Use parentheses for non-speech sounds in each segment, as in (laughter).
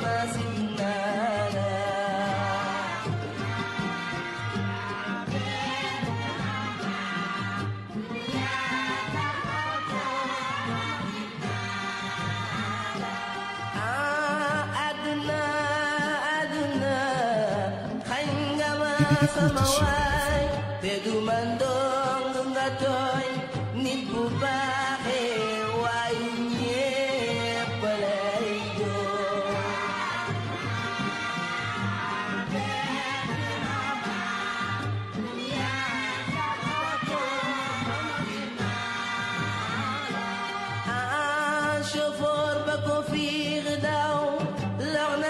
وما زلنا أدنى أدنى خنجم سموات الشفور بكو في غداو لعنة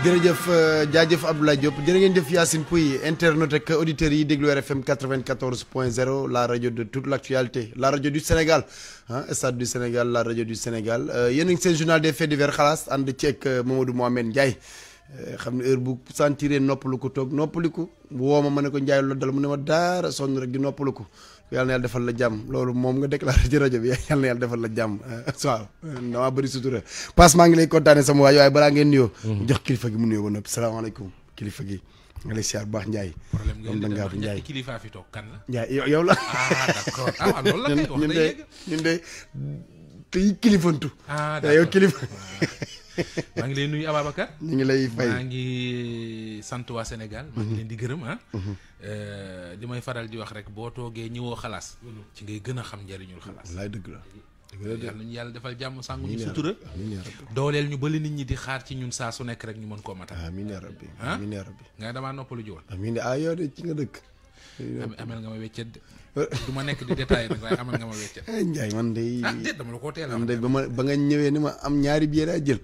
jërëjëf euh, jaajëf Abdoulaye Diop jërë ngeen jëf Yacine Pouy internet ak auditeurs yi déglu RFM 94 point 0 la rajo de toute l' la rajo du Sénégal ah stade du Sénégal la rajo du Sénégal euh, yéen a ngi seen journal des faits divers xalaas ànd ceeg euh, Mamadou Mohamed Ndiaye. Eh, xam ne heure bu sentiree ko toog noppaliku woo ma ma ne ko njaay la dal mu ne ma daara sonn rek di noppalu ko na yàlla defal la jàmm loolu moom nga déclaré ci rajo bi (laughs) yàlla na yàlla defal la jàmm eh, waaw damaa eh, bëri sutura passe maa ngi lay kontaane sama waay waaye balaa ngeen nuyoo mhm. jox kilifa gi mu nuyoo ba noppi salaamaaleykum kilifa gi nga lay siyaar bu baax Ndiaye. problème nga yéen a njaay kilifa fi toog kan la. Ndiaye yow la. ah d'accord ah loolu la (laughs) kay wax ñun de ñun de te kilifantu. Ah, yow kilifa. Ah. (laughs) maa ngi lay nuyu Ababacar. ñu lay fay maa ngi sant waa Sénégal. maa ngi leen di gërëm ah. Mhm. Euh, li may faral di wax rek boo toogee ñëwoo xalaas. Mhm. ci ngay gën a xam njëriñul xalaas. wallaay dëgg la. yàlla nañu yàlla defal jàmm sàngu ñu sutura dooleel ñu bëli nit ñi di xaar ci ñun saa su nekk rek ñu mën koo matal amiin yaa rabbi ah? amiin yaa nga damaa noppalu ji woon ah yow de ci nga dëkk amal nga ma weccet de (laughs) ma nekk di détaillé nag waaye amal Njaay eh, man de ah, dama la koo teel man day ba ma ba nga ñëwee ni ma am ñaari billet daa jël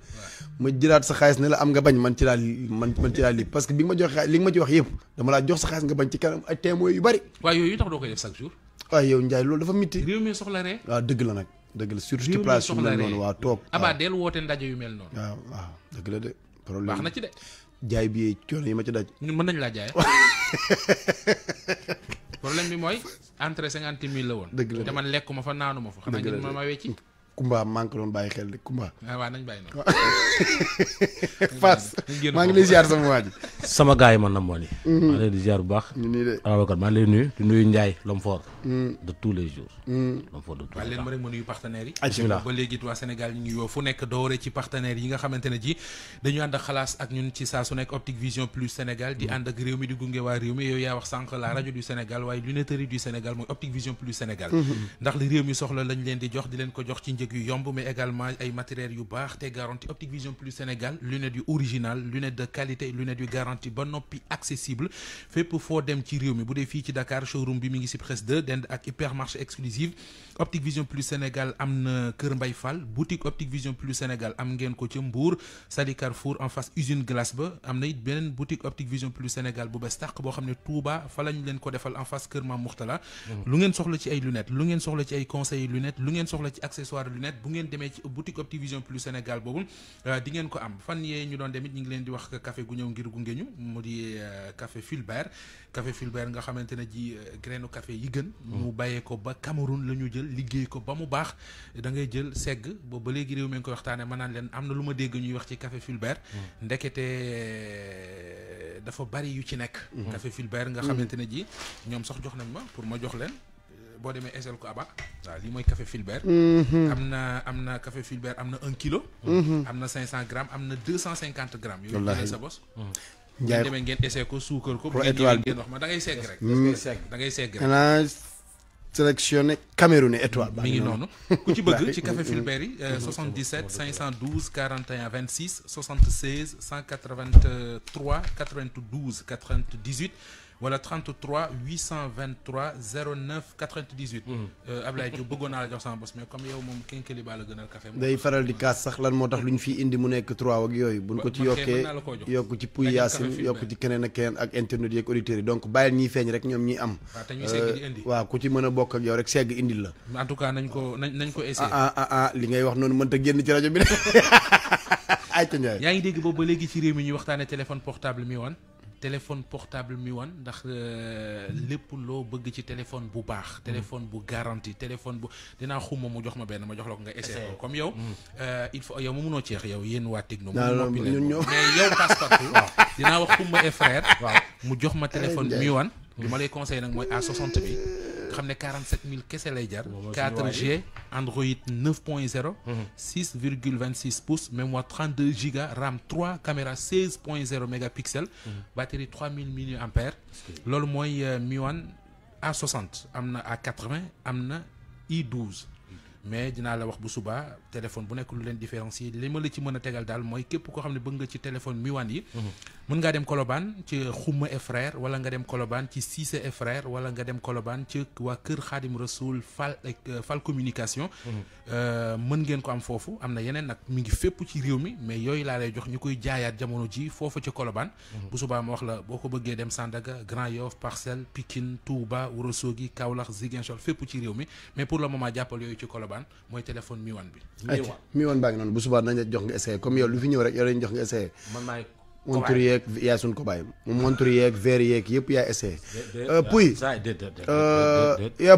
ma jëlaat sa xaalis ne la am nga bañ man ci daal man man ci daal li parce que bi nga ma jox li nga ma ci wax yëpp dama laa jox sa xaalis nga bañ ci kanam ay témoins yu bari waaye yooyu tax doo koy def chaque jour waaye ah, yow Njaay loolu dafa mitti réew mi soxla ah, dëgg la nag dëgg la surtout ci place yu mel noonu waaw toog abaa deel woote ndaje yu mel noonu waaw waaw dëgg la de problème na ci de jaay bi coono yi ma ci daj. mën nañ laa jaay. (laughs) problème bi mooy entrée cinquante mille la woon. dëgg la te man lekkuma fa naanuma fa. dëgg la xanaa ñu ma wecci. Kumba maa ngi ko doon bàyyi xel de Kumba. waa ah, waaw nañ bàyyi noonu. (laughs) Fass maa ngi lay ziar sama waa sama gars yi man na moo ni mhm. maa leen di ziar bu baax Ababacar leen nuyu di nuyu mhm. de tous les jours mhm. l'homme fort ma rek ma nuyu partenaires yi ba léegi waa Sénégal ñu yoo fu nekk doore ci partenaires yi nga xamante ne ji dañu ànd xalaas ak ñun ci saa su nekk Optique Vision Plus Sénégal di ànd ak réew mi di gunge waa réew mi yow yaa wax sànq la rajo du Sénégal waaye lunetterie du Sénégal mooy Optique Vision Plus Sénégal ndax li réew mi soxla lañ garanti ba noppi accessible fépp foo dem ci réew mi bu dee fii ci Dakar showroom bi mi ngi si presse 2 dend ak hypermarché exclusive Optique Vision Plus Sénégal am na Kër Mbay Fall boutique Optique Vision Plus Sénégal am na it beneen boutique Optique Vision Plus Sénégal bu bees tàq boo xam ne Touba fa leen ko defal en face Kër Maam Muxtala mm. lu ngeen soxla ci ay lunettes lu ngeen soxla ci ay conseils lunettes lu ngeen soxla ci accessoire lunettes bu ngeen demee njëriñu mu di euh, café Fulbert café Fulbert nga xamante ne ji euh, grainu café yi gën mm. mu bàyyee ko ba Cameroun la ñu jël liggéey ko ba mu baax da ngay jël segg boobu ba léegi réew mi ngi koy waxtaane ma naan leen am na lu ma dégg ñuy wax ci café Fulbert mm. ndekete euh, dafa bari yu ci nekk mm. café Fulbert nga xamante ne ji ñoom sax jox nañ ma pour ma jox leen boo demee esel ko aba waaw li mooy café Fulbert mm-hmm. am na am na café Fulbert am na un kilo mm-hmm. am na cinq cent grammes am na deux cent cinquante grammes Ndiaye ngeen ngeen essayé ko suukar ko. pro étoile bi ma da ngay segg rek. Mm. da ngay segg rek xanaa sélectionné Cameroun étoile. mi ngi noonu ku ci bëgg (laughs) ci café Fulbert yi. 77 512 41 26 76 183 92 98. wala 33 823 09 98. Ablaye Diouf bëggoon naa la jox sama bos mais comme yow moom kénkeli baa la gënal café. day faral di kaas sax lan moo tax lu ñu fi indi mu nekk 3 ak yooyu. buñ ko ci yokkee yokk ci Pouy Yacine yokk ci keneen ak keneen ak internet yeeg auditeurs yi donc bàyyil ñiy feeñ rek ñoom ñi am. waaw te ñuy euh, ku ci mën a bokk ak yow rek segg indil la. en tout nañ ko nañ nañ ko essayer. ah ah, ah, ah li ngay wax noonu mënta génn ci rajo bi de. (laughs) ayca Ndiaye. yaa ngi dégg boobu ba léegi ci réew mi ñuy waxtaanee téléphone portable mi woon téléphone portable mi wan ndax euh, lépp loo bëgg ci téléphone bu baax. Mm. téléphone bu garanti téléphone bu dinaa xuma mu jox ma benn ma jox la ko nga essayé ko comme yow. Mm. Euh, il faut yow mu munoo ceex yow yéen waa Techno. mu noppi leen mais yow Passepartout. (laughs) dinaa wax xuma et mu jox ma téléphone mi wan. Mm. li ma lay conseillé nag mooy A60 bi. xam ne 47000 kese lay jar. 4G Android 9.0. 6 virgule 26 pouces mémoire 32 giga RAM 3 caméra 16.0 loolu mooy euh, Mi One a am na a am na mais dinaa la wax bu subaa téléphone bu nekk lu leen différencier li ma la ci mën a tegal daal mooy képp koo xam ne bëgg nga ci téléphone Miwane yi. Mhm. mën ngaa dem Colobane ci Xuma et frère wala nga dem Colobane ci Cissé et frère nga dem Colobane ci waa Kër Xaadim Rasoul Fal euh, Fal communication. Mhm. Euh, mën ngeen ko am foofu am na yeneen nag mi ngi fépp ci réew mi mais yooyu laa lay jox ñu koy jaayaat jamono ji foofu ci Colobane. Mhm. bu subaa ma wax la boo ko bëggee dem Sandaga Grand Yoff Parcelles Pikine Touba Ourossogui Kaolack Ziguinchor ban mooy téléphone Mi bi. Mi baa ngi noonu bu subaa nañ la jox nga essayé comme lu fi ñëw rek yow jox nga essayé. montre yeeg yaay suñ ko bàyyi montre yeeg verre yeeg yëpp yaay essayé puy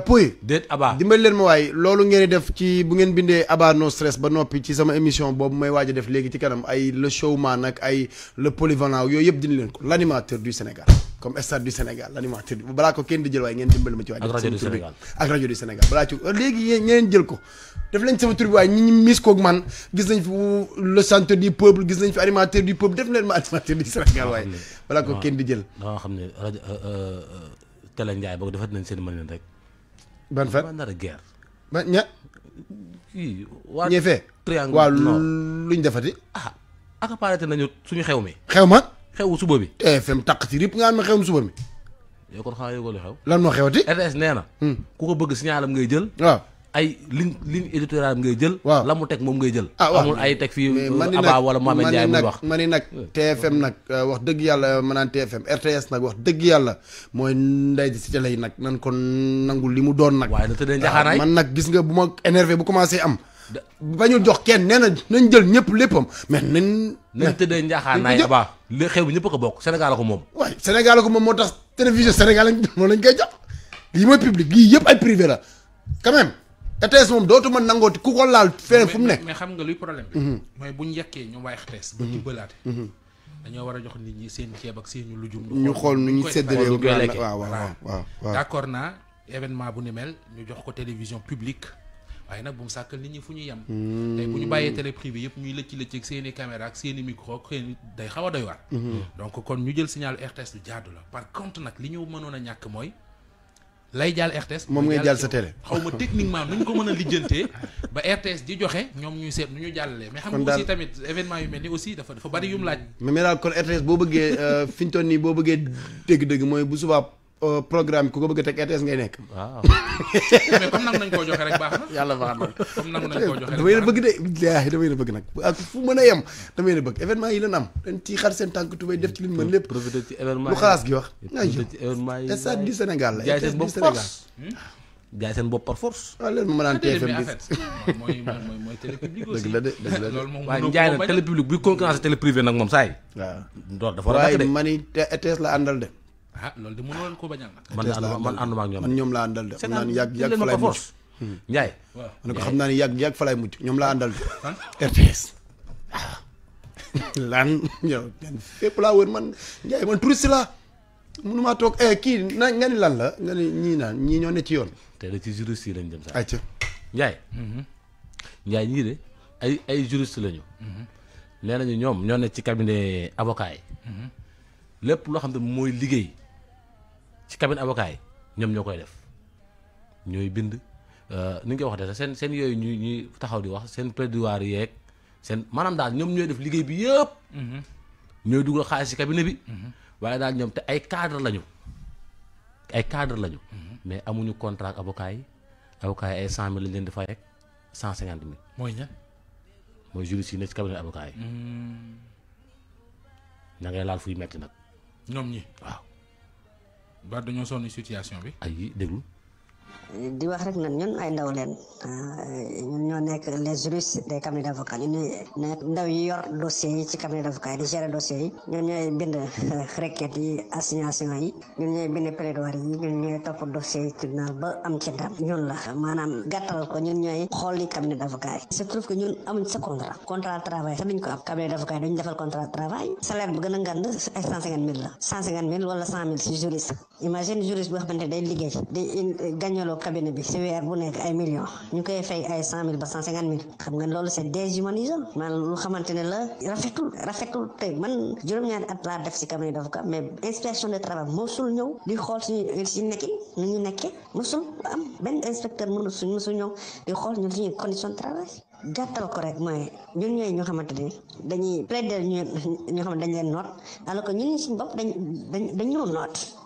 puy déet dimbali leen ma waay loolu ngeen def ci bu ngeen bindee aba no stress ba noppi ci sama émission boobu may waaj def léegi ci kanam ay le showman ak ay le polyvalent yooyu yëpp dindi leen ko l' animateur du Sénégal comme stade du Sénégal l' animateur balaa ko kenn di jël waaye ngeen dimbali ma ci waay ak rajo du Sénégal ak rajo du balaa ci léegi ngeen jël ko def leen man gis nañ fi le chanteur du peuple gis nañ fi animateur du peuple def te di Sénégal waaye balaa ko kenn di jël. dama xam ne rajo euh, euh, Télé Ndiaye boog defat nañ seen mën rek. ban fan ban dara ba ña. kii waa ñee fee. triangle waaw luñ defati. ah accaparé nañu suñu xew mi. xew ma. xewu suba bi. TFM taq ci rip nga am xew suba bi. yow kon xanaa yëgoo lu xew. lan moo xewati. RTS nee na. Hmm. ku ko bëgg signalam ngay jël. ay ligne ligne éditoriale ngay jël. waaw la mu teg moom ngay jël. ah waaw amul ay teg fii Abba wala Mohamed Ndiaye muy wax mani nag TFM nag euh, wax dëgg yàlla ma naan RTS nag wax dëgg yàlla mooy nday di si télé yi nag nan ko nangul li mu doon nag. waaye da tëddee ah, njaxaanaay man nag gis nga bu ma énervé bu commencé am. ba jox kenn nee na nañ jël ñëpp léppam mais nañ. nañ tëddee njaaxaanaay Abba li xew bi ñëpp ko bokk Sénégal ko moom. waay Sénégal ko moom tax télévision Sénégal lañ moom lañ koy jox lii mooy public yii yëpp ay privé la ETS moom dootuma nangooti ku ko laal feneen fu mu ne. mais xam nga luy problème bi. Mhm. mooy bu ñu yekkee ñu waaye ETS. Mhm. ba ci bëlaate. Mhm. dañoo war a jox nit ñi seen ceeb ak seen lujum. ñu xool nu ñu séddalee waaw waaw waaw. d'accord naa événement bu ni mel ñu jox ko télévision publique. waaye nag bu mu sàkkal nit fu ñu yem. Hmm. tey bu ñu bàyyee télé privé yëpp ñuy lëcc lëcc ak seen i caméra ak seen i micro ak seen day xaw doy waar. Hmm. donc kon ñu jël signal RTS lu jaadu la par contre nag li ñu mënoon a ñàkk mooy. lay jàll RTS. moom ngay jàll sa télé xaw ma techniquement nu ñu ko mën a lijjante ba RTS di joxe ñoom ñuy seet nu ñu jàllalee. mais xam nga aussi tamit événement yu mel ni aussi dafa dafa bari yu laaj. mais mais daal kon RTS boo bëggee euh, fi ñu toll nii boo bëggee dégg-dégg mooy bu subaa Euh, programme ku ko bëgg a teg RTS ngay nekk. waaw (laughs) mais comme nangu nañ koo joxe rek baax na. yàlla baax na comme nangu nañ koo joxe rek damay na bëgg de yaay damay na bëgg nag ak fu mën a yem damay na bëgg événement yi lan am dañ ci xar seen tànk tubay def ci li mu mën lépp. profité ci événement yi lu xalaas gi wax. profité ci événement yi stade du Sénégal la. jaay seen bopp force jaay seen bopp par force. waaw ah, loolu moom ma daan TFM bi mooy mooy mooy télé publique aussi. dëgg la de dëgg la de loolu moom waaye njaay nag télé publique buy concurrence télé privé nag moom saa yi. waaw loolu dafa war a def de waaye man it RTS la àndal de ah loolu de ko bañal nag. man ànduma man ànduma ak ñoom man ñoom laa àndal de. Hmm. Hmm. xam naa ni xam naa ni yàgg yàgg fa laay ñoom laa àndal de. (laughs) fépp laa man Ndiaye man mënumaa toog eh, kii na nga ni lan la nga ni ñii naan ñii ñoo ne ci yoon. te da ci juriste yi lañu jëm sax. ayca Ndiaye. Mhm. Ndiaye ñii de ay ay juriste lañu. Mhm. nee nañu ñoom ñoo ne ci cabinet avocat yi. Mhm. lépp loo xam ne mooy liggéey. ci cabinet avocat yi ñoom ñoo koy def ñooy bind ni euh, nga koy wax de seen seen yooyu ñuy ñuy taxaw di wax seen plaidoirie yeeg seen maanaam daal ñoom ñooy def liggéey bi yëpp. Mhm. ñooy dugal xaalis ci cabinet bi. Mhm. waaye daal ñoom te ay cadre lañu ay cadre lañu. Mhm. mais amuñu contrat ak avocat yi avocat ay cent mille lañ leen di fay rek cent cinquante mille. mooy ña mooy juriste yi nekk ci cabinet avocat yi. laal fuy metti nag. ñoom ñi ba dañoo sonn situation bi. ay déglu. di wax rek nan ñun ay ndaw leen ah, ñun ñoo nekk les juristes des cabinets d'avocats ñun ñooy nekk ndaw yi yor dossiers yi ci cabinet d'avocats yi di gérer dossiers yi ñun ñooy euh, yi assignation yi ñun ñooy bind plaidoirie yi ñun topp dossiers yi tribunal ba am ci ndam ñun la maanaam gàttal ko ñun ñooy xool li cabinet d'avocats yi se trouve que ñun amuñ sa contrat contrat travail sax duñ ko am cabinet d'avocats yi duñ defal contrat travail salaire bu gën a ngand ay cent cinquante mille la cent cinquante mille wala cent mille si juriste imagine liggéey euh, allo cabinet bi si weer bu nekk ay millions ñu koy fay ay cent mille ba cent cinquante xam nga loolu c'est déshumanisant maanaam lu xamante ne la rafetul rafetul te man juróom-ñaari at laa def si cabinet d'avocat mais inspection de travail ñëw di xool ñu suñu condition de travail gàttal ko rek mooy ñun ñooy ñoo xamante ni dañuy plaider ñu ñoo xamante dañ leen noot alors que ñun ñu suñu bopp dañ dañ dañ noot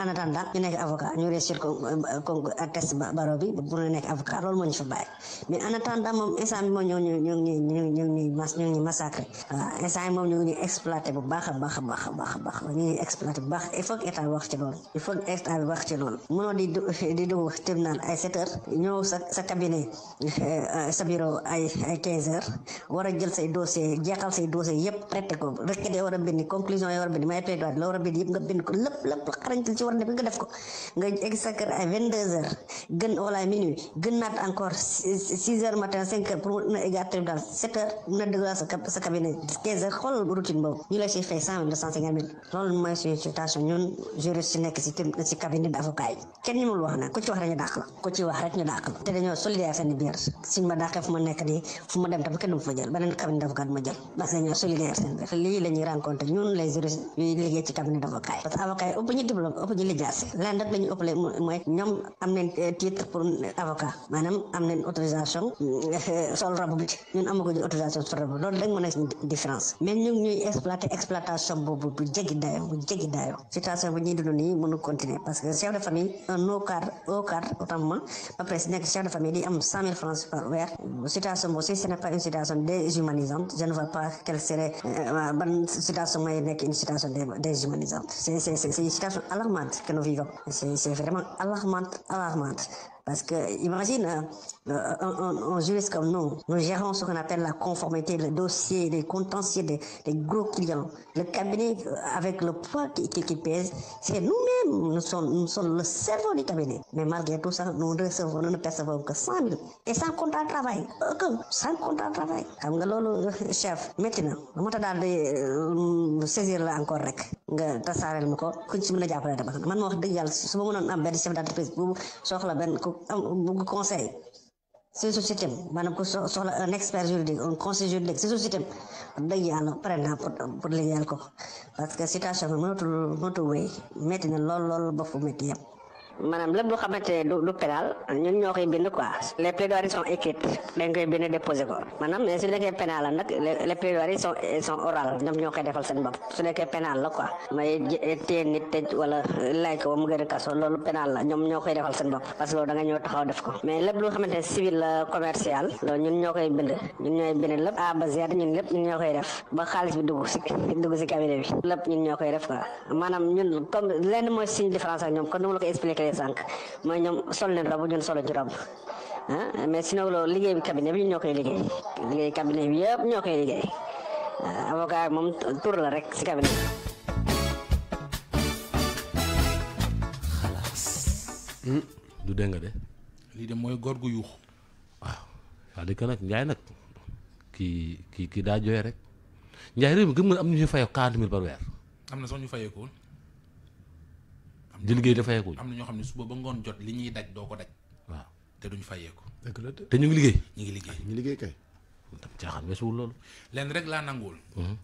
en attendant ñu nekk avocat ñu réussir ko kon test baro bi pour ñu nekk avocat loolu moo ñu fa bàyyi mais en attendant moom instant bi moom ñu ñu ñu ñu ñu ñu ñu ñu ñu massacré waaw instant yi moom ñu ñu exploité bu baax a baax a baax a baax a baax ñu ñu a bu baax a faut que état bi wax ci loolu il faut que état bi wax ci loolu mënoo di di dugg tribunal ay sept ñëw sa sa cabinet euh, sa bureau ay ay quinze war a jël say dossier jeexal say dossier yëpp traité ko requête a bind conclusion yi a bind may plaidoyer a lépp xarañtul ci war na bi nga def ko nga egg sa vingt deux heures gën wala minuit gën naat encore six heures matin pour na egg à tribunal sept heures na nekk si si cabinet d'avocat yi kenn ñu mul wax nag ku ci wax rek ñu dàq la ku ci wax rek ñu dàq la te dañoo solidaire seen biir suñ ma dàqee fu ma nekk nii fu ma dem tam kenn du ma fa jël beneen cabinet d'avocat du ma jël parce que dañoo solidaire lii la ñuy ñun les juristes yuy liggéey waaye ëpp ñu diplôme ëpp ñu lijaas lan rek la ñu ëppale mooy ñoom am nañ eh, titre pour eh, avocat maanaam am nañ autorisation eh, sol robe bi ñun amaguñu ñu ngi ñuy exploité exploitation boobu bu jéggi dayo bu jéggi dayo situation bu ñuy dund nii mënu continuer parce que chef de famille un au cadre au cadre autant moi ba si nekk chef de famille di am cent par weer si ce n'est pas une situation déshumanisante je ne vois pas quelle serait euh, ban situation mooy nekk une situation déshumanisante c'est une situation alarmante que nous vivons. C'est vraiment alarmante, alarmante. Parce que, imagine, euh, euh, un, juriste comme nous, nous gérons ce qu'on appelle la conformité, le dossier, les contentieux des, gros clients. Le cabinet, euh, avec le poids qui, pèse, c'est nous-mêmes, nous sommes, le cerveau du cabinet. Mais malgré tout ça, nous, recevons, nous ne percevons que 100 000. Et sans contrat de travail. Aucun. Sans contrat nga loolu (laughs) chef métti na moo tax daal di saisir la encore rek nga tasaareel ma ko kuñ si mën a jàppale dama man am euh, bugg conseil c'est société maanaam ku soxla un expert juridique un conseil juridique c'est société dëgg yàlla pare naa pour pour ko parce que situation bi mënatul mënatul wéy métti na lool lool ba fu métti yem maanaam lépp lu xamante ne du du ñun ñoo koy bind quoi les da nga euh, ñun ñoo koy bind A ba xaalis bi dugg si dugg bi lépp ñun ñoo koy def quoi maanaam ñun comme lenn mooy suñu différence ak ñoom kon la ko expliqué waxee sànq mooy ñoom sol leen rob ñun solo ci rob ah mais sinon loolu liggéey bi cabinet bi ñun ñoo koy liggéey liggéey cabinet bi yëpp ñoo koy liggéey ah, avocat moom tur la rek si cabinet bi. Hmm? du dégg de. lii de mooy góor gu yuux. waaw wax dëgg nag Ndiaye nag kii kii kii daa jooy rek Ndiaye réew mi gëm nga am ñu ñu fayoo 40 000 weer. am na sax ñu fayeekoon di liggéey te fayeekuñu am na ñoo xam ne suba ba ngoon jot li ñuy daj doo ko daj waaw te duñ fayeeku dëgg te ñu ngi liggéey ñu ngi liggéey ah, ñu liggéey kay dam caaxaan weesuwul loolu lenn rek laa nanguwul hmm.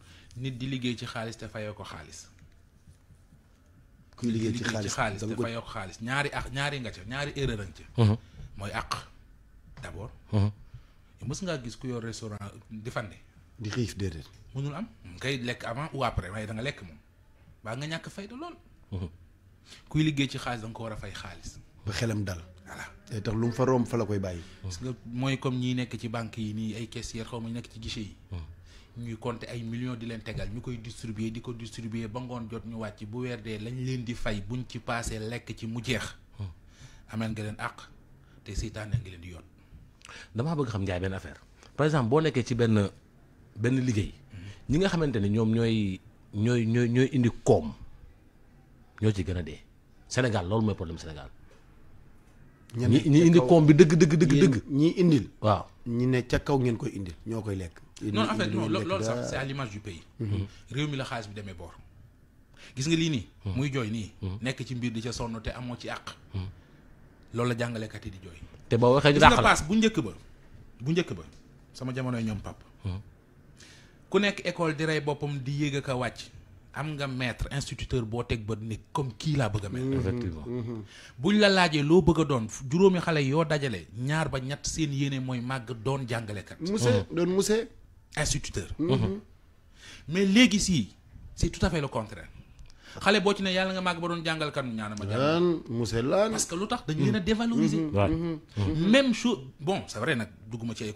nit di liggéey ci xaalis te fayoo ko xaalis kuy liggéey ci xaalis te fayoo ko xaalis ñaari ak ñaari nga ca ñaari erreur nga ca hmm. mooy àq d'abord hmm. mës ngaa gis ku yor restaurant di fande di xiif déedéet mënul am kay lekk avant ou après waaye da lekk moom baa nga ñàkk fayda lool kuy liggéey ci xaalis da nga ko war a fay xaalis. ba xelam dal. voilà te lu mu fa romb fa la koy bàyyi. Oh. parce que mooy comme ñi nekk ci banque yi nii ay caissière xaw ma ñu nekk ci guichet yi. Oh. ñuy compter ay million di leen tegal ñu koy distribuer di ko distribuer ba ngoon jot ñu wàcc bu weer dee lañ leen di fay buñ ci paasee lekk ci mu jeex. Oh. ameel nga leen àq te seytaane nga leen di yoon. damaa bëgg xam njaay benn affaire par exemple boo nekkee ci benn benn liggéey. Mm-hmm. ñi nga xamante ne ñoom ñooy ñooy ñooy ñooy indi koom. ñoo ci gën a dee senegal loolu mooy problème Sénégal. ñi ñi bi dëgg dëgg dëgg dëgg. ñi indil. waaw ñi ne ca kaw ngeen koy indil ñoo koy lekk. non en fait loolu sax c'est à du pays. Mhm. Mhm. réew mi la xaalis bi demee boor. gis nga lii nii. Mhm. muy jooy nii. nekk ci mbir di ca sonn te amoo ci àq. loolu la jàngalekat yi di jooy. te boo waxee ñu dàq nga paas bu njëkk ba bu njëkk ba sama jamonoy ñoom pap ku nekk école di rey boppam di yéeg ak a wàcc. am nga maître instituteur boo teg ba nit comme kii laa bëgg a mel. Mm-hmm. effectivement mm-hmm. buñ la laajee loo bëgg a doon juróomi xale yoo dajale ñaar ba ñett seen yéene mooy màgg doon jàngalekat. monsieur mm-hmm. doon monsieur. instituteur. mais léegi si c'est tout à fait le contraire. xale boo ci ne yàlla nga màgg ba doon jàngal kan ñaana ma que lu tax dañ leen mm-hmm. Mm-hmm. même chose bon c'est nag dugguma ci ay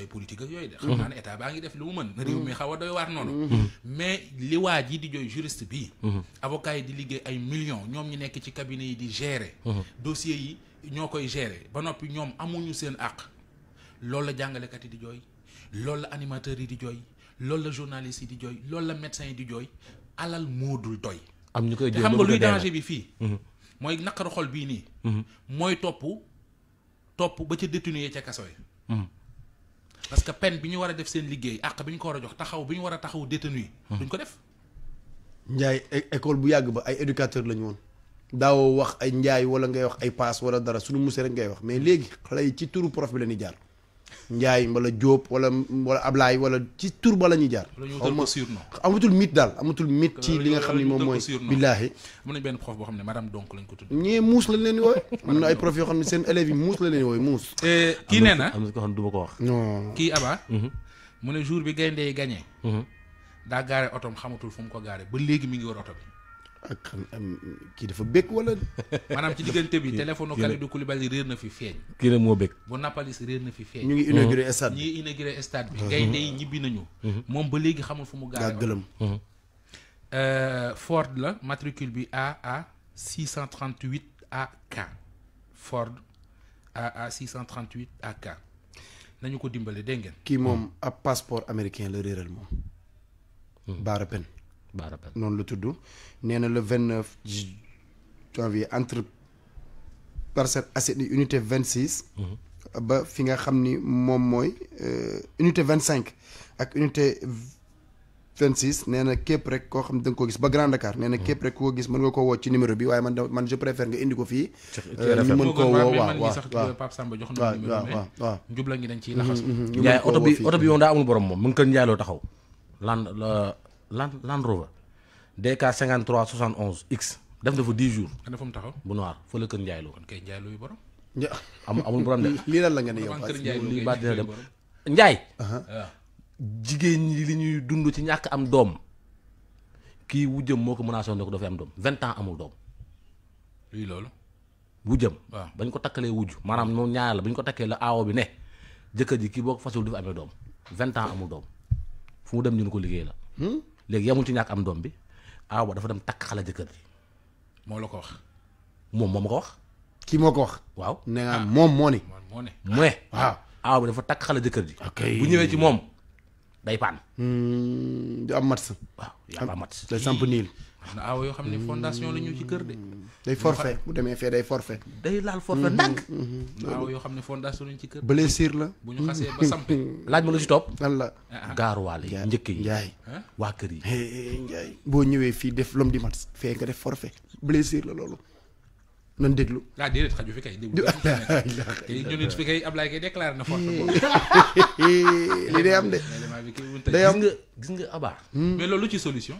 yi politique ak yooyu de état baa ngi def li mu mën mm-hmm. réew mi xaw a doy waar noonu mais li waa ji di jooy juriste bii yi di liggéey ay millions ñoom ñi nekk ci cabinet yi di gérer dossier yi ñoo koy gérer ba noppi ñoom amuñu seen àq loolu la jàngalekat yi di jooy loolu la animateurs yi di jooy loolu la journalistes yi di jooy loolu la médecins yi di jooy alal moodul doy am ñu koy jéem xam nga luy danger bi fii. Mhm. mooy naqaru xol bii nii. Mhm. mooy topp topp ba ca détenu ca kaso yi. Mhm. parce que peine bi ñu war a def seen liggéey àq bi ñu ko war a jox taxaw bi ñu war a taxaw détenu yi. ko def. Njaay ecole bu yàgg ba ay éducateur lañu woon daawoo wax ay njaay wala ngay wax ay paas wala dara suñu musée rek ngay wax mais léegi xale yi ci turu prof bi la ñuy jaar. Ndiaye wala Diop wala wala Ablaye wala ci tur ba la amatul mit daal amatul mit ci li nga xam ne moom mooy. billaahi mun nañ benn prof boo xam ne madame donc lañ muus lañ leen di wooye. na ay prof yoo xam ne seen élèves yi muus lañ leen di wooye muus. Eh, kii nee na am na ko xam ne du ma ko wax. non kii Aba. Mhm. mu ne jour bi gaynde yi gagné. Mhm. daa gaare otoom xamatul fu mu ko gaare ba léegi mi ngi war oto bi. ak xam kii dafa bëgg wala. (laughs) maanaam ci diggante bi téléphone Kalidou Koulibaly réer na fi feeñ. kii la moo bëgg. bu Nampalis réer na fi feeñ. ñu ngi inauguré stade bi ñu ngi inauguré stade bi. Mhm. gaynde yi ñibbi nañu. Mhm. moom ba léegi xamul fu mu. gaa gëlëm mhm. euh, Ford la matricule bi AA 638 AK Ford AA 638 AK nañu ko dimbale dégg ngeen. kii moom ab passeport américain la réeral moom. baarabal noonu la tudd nee na le vingt neuf janvier entre Parcelles Assainies unité vingt six. Mhm. ba fi nga xam ni moom mooy euh, unité vingt cinq ak unité vingt six nee na képp rek koo xam da nga ko gis ba Grand Dakar nee na mhm. képp rek koo gis mën nga koo woo ci numéro bi waaye man man je préfère nga indi ko fii. Euh, ñu mën koo woo waaw waaw waaw sax Pape Samba jox na numéro bi waaw waaw njubla ngi dañ ciy mhm, laxasu. Ndiaye oto bi oto bi yow daa amul borom moom mu ngi ko njaaloo taxaw Land Land Rover DK 53 71 X def na fa 10 jours. ana fa mu taxaw bu noir la Kër Ndiaye Lo. kon kay Ndiaye Lo yu borom. amul amul borom de. (laughs) lii lan la nga ne yow lii Ndiaye. Ah. jigéen ñi li ñuy dund ci ñàkk am doom kii wujjam moo ko menacé woon ne ko dafay am doom vingt ans amul doom. lii loolu. wujjam. waaw ah. bañ ko takkalee wujj maanaam moom ñaareel la bañ ko takkee la aawo bi ne jëkkër kii boo ko fasul dafa doom vingt ans amul doom fu mu dem ñu ko liggéey la. Hmm? léegi yamul ci ñàkk am doom bi aw ba dafa dem takk xale jëkkër ji moo la ko wax moom moo ma ko wax kii moo ko wax waaw ne ah. moom moo ni moo ne mu ne waaw aaw bi dafa takk xale jëkkër ji bu ñëwee ci moom day paan. Hmm, du am mat. waaw yaa am mat day samp niil. am na awa yoo xam ne fondation la ñu ci kër de. Hmm, day forfait bu demee fee day forfait. day laal forfait hmm, ndànk. awa yoo xam ne fondation la ñu ci kër. blessure la. bu ñu xasee ba sampe. laaj ma lu ci topp. lan ah, ah. gaaruwaale yi njëkk yi njaay kër yi. njaay boo ñëwee fii def lom di mat fee nga def forfait blessure la loolu. nan déglu. ah déedéet xaju fi kay déglu. (laughs) ñu na force (laughs) li day am de. day am nga gis nga abaar. Hmm. mais loolu ci solution.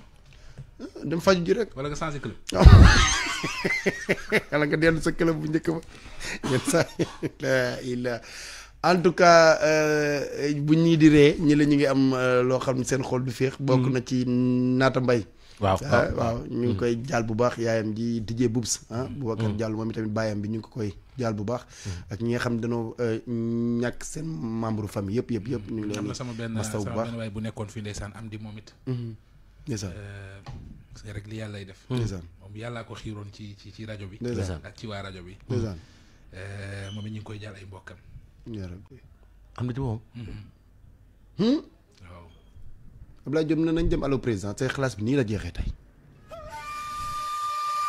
Ah, dem faju ji rek. wala nga changé club. (laughs) wala nga dellu sa club bu njëkk ba. yenn saa yi en tout cas euh, bu ñii di ree ñi la ñu ngi am euh, loo xam seen xool du féex. bokk hmm. na ci naata mbay. waaw ah, ah. waaw ñu ngi mm. koy jaal bu baax yaayam ji DJ Boubs ah mm. Boubacar mm. Diallo moom itamit baayam bi ñu ngi ko koy jaal bu baax ak ñi nga xam dañoo euh, ñàkk seen membre famille yëpp yëpp yëpp ñu ngi leen sama benn mastaw bu baax sama bu nekkoon fii ndeysaan am di moom it mm-hmm. ndeysaan euh, c'est rek li yàllay def ndeysaan yàllaa ko xiiroon ci ci ci rajo bi ndeysaan ak ci waa rajo bi ndeysaan euh, moom it ñu koy jaal ay mbokkam am na ci moom mm-hmm. hmm? Abdoulaye Diop ne nañ dem allo président tey xalaas bi nii la jeexee tey.